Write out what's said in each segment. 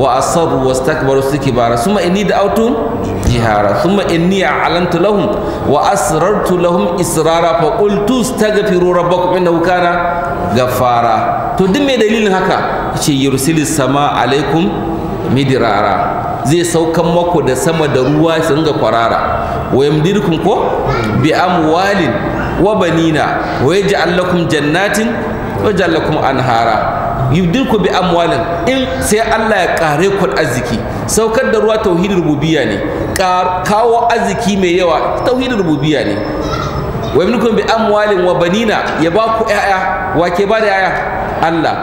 wa wa asarru wastakbaru istikbara thumma inni autun jihara thumma inni a'lantu lahun wa asirartu lahun israra fa qultu baku rabbakum wukana ga fara. to duk mai dalilin haka yace yursilis sama alaikum midirara zai saukan mako da sama da ruwa su ringa kwarara wa yamdirkum ko bi amwalin wa banina wa yaj'al lakum jannatin wa yaj'al lakum anhara yubdilku bi amwalin in sai Allah ya kare ku arziki saukar da ruwa tauhidin rububiyya ne kawo arziki mai yawa tauhidin rububiyya ne wa yubdilkum bi amwalin wa banina ya ba ku yaya wa ke ba da yaya? Allah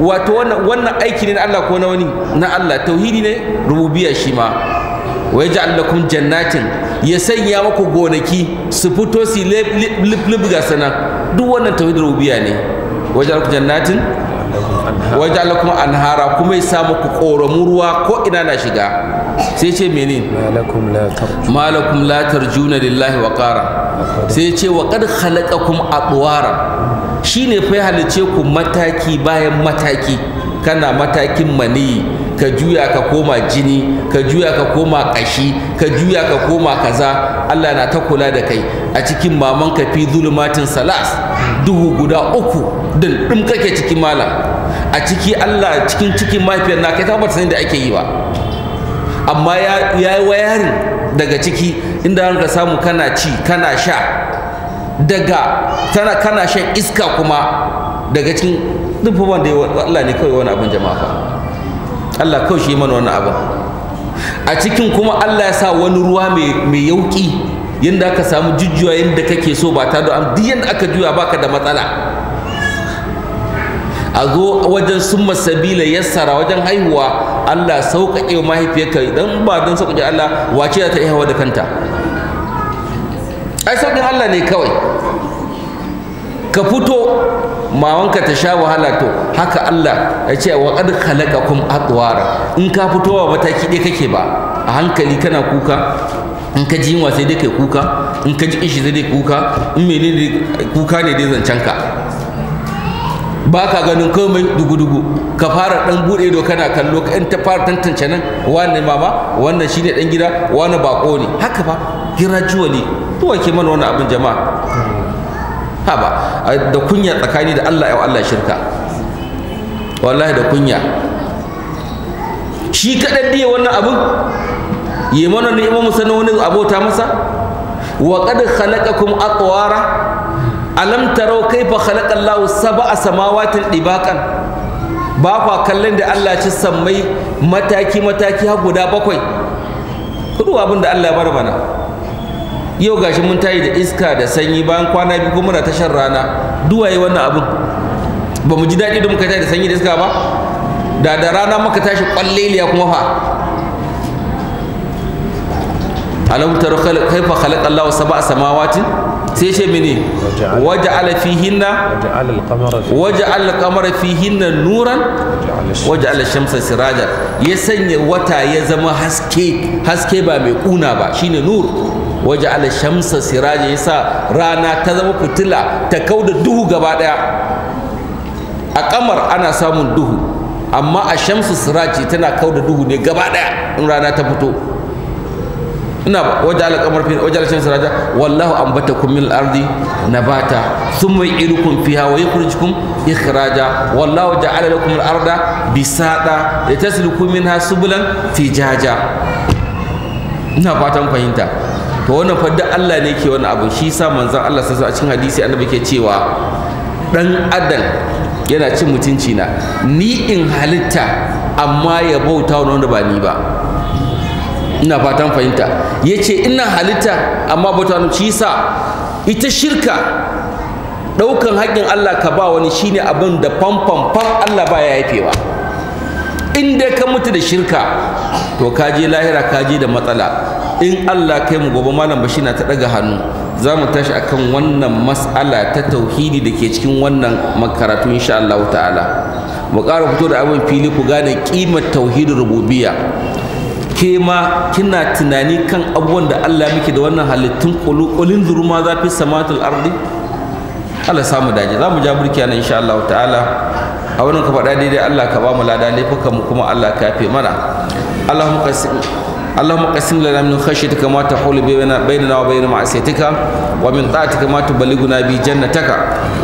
wato wannan aiki ne na Allah ko na wani na Allah tauhidi ne rububiyya shi ma wa yaj'al lakum jannatin ya sanya maku gonaki su fito su lib ga sana duk wannan tauhidin rububiyya ne wajen jannatin wajen lakum anhara kuma ya samu ku koramu ruwa ko ina na shiga sai ce mene malakum la tarjuna lillahi wa qara sai ce wa qad khalaqakum atwara shine fa ya halice ku mataki bayan mataki kana matakin mani ka juya ka koma jini ka juya ka koma kashi ka juya ka koma kaza Allah na ta kula da kai a cikin maman ka fi zulumatin salas duhu guda uku din dim kake cikin malam a ciki Allah cikin cikin mahaifiyar na kai ta bata da ake yi ba amma ya yi wayarin daga ciki inda ka samu kana ci kana sha daga tana kana shan iska kuma daga cikin duk wanda Allah ne kawai wani abin jama'a ba. Allah kawai shi mana wani abin a cikin kuma Allah ya sa wani ruwa mai yauki yadda aka samu jujjuwa yadda kake so ba ta da duk yadda aka juya baka da matsala a zo wajen summa sabila yassara wajen haihuwa Allah sauƙaƙe wa mahaifiyarka idan ba don sauƙaƙe Allah wace ta iya da kanta ai sauƙin Allah ne kawai ka fito mawanka ta sha wahala to haka Allah ya ce wa qad khalaqakum atwara in ka fito ba mataki ɗaya kake ba a hankali kana kuka in ka ji yunwa sai dai kai kuka in ka ji kishi sai dai kuka in menene kuka ne dai zancen ka ba ka ganin komai dugu-dugu ka fara dan bude ido kana kallo in ta fara tantance nan wannan mama wannan shine dan gida wani bako ne haka ba gradually to ke mana wannan abin jama'a ba da kunya tsakani da Allah ya Allah shirka wallahi da kunya shi kadan diye wannan abin yi mana ni'imar mu sanin wani abota masa wa qad khalaqakum atwara alam kai kaifa khalaqa Allahu sab'a samawatin dibaqan ba kwa kallon da Allah ci sammai mataki mataki har guda bakwai kudu abin da Allah ya bar mana yau gashi mun tayi da iska da sanyi bayan kwana biyu kuma muna tashar rana duwaye wannan abin ba mu ji daɗi da muka tayi da sanyi da iska ba da da rana muka tashi kwalleliya kuma fa alam kai kaifa khalaqa Allahu sab'a samawatin sai ce mene waja'ala fihinna waja'ala fi hinna nuran waja'ala shamsa siraja ya sanya wata ya zama haske haske ba mai kuna ba shine nur waja'ala shamsa siraja ya sa rana ta zama fitila ta kauda duhu gaba daya a kamar ana samun duhu amma a shamsu siraji tana kauda duhu ne gaba daya in rana ta fito ina wajen alƙamar fi wajen alƙamar siraja wallahu an bata kumil ardi nabata thumma yu'idukum fiha wa yukhrijukum ikiraja wallahu da lakum kumil arda bisata litasluku minha subulan jaja ina fatan fahimta to wannan fadda Allah ne ke wani abu shi sa manzan Allah sassa a cikin hadisi annabi ke cewa dan adal yana cin mutunci na ni in halitta amma ya bauta wani wanda ba ni ba ina fatan fahimta ya ce ina halitta amma bauta shi sa ita shirka ɗaukan haƙƙin Allah ka ba wani shine abin da famfam fam Allah ba ya yafewa in dai ka mutu da shirka to ka je lahira ka je da matsala in Allah kai mu gobe malam bashi na ta daga hannu za mu tashi akan wannan mas'ala ta tauhidi da ke cikin wannan makaratu insha Allah ta'ala mu ƙara fito da abin fili ku gane ƙimar tauhidin rububiyya ke ma kina tunani kan abubuwan da Allah muke da wannan halittun kulin zuruma za fi samatul ardi Allah samu daji za mu ja burki nan insha Allah ta'ala a wannan ka faɗa daidai Allah ka ba mu lada laifukan mu kuma Allah ka yafe mana Allahumma qasim اللهم قسم لنا من خشيتك ما تحول بيننا وبين معصيتك ومن طاعتك ما تبلغنا به جنتك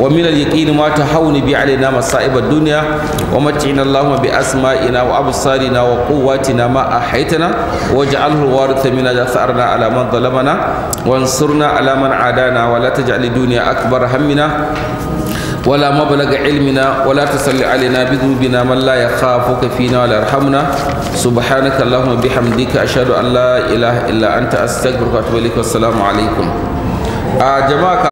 ومن اليقين ما تحول به علينا مصائب الدنيا ومتعنا اللهم بأسمائنا وأبصارنا وقواتنا ما أحيتنا واجعله الوارث منا ثأرنا على من ظلمنا وانصرنا على من عادانا ولا تجعل الدنيا أكبر همنا ولا مبلغ علمنا ولا تسل علينا بذنوبنا من لا يخافك فينا ولا يرحمنا سبحانك اللهم بحمدك أشهد أن لا إله إلا أنت أستغفرك وأتوب إليك والسلام عليكم آه جماعة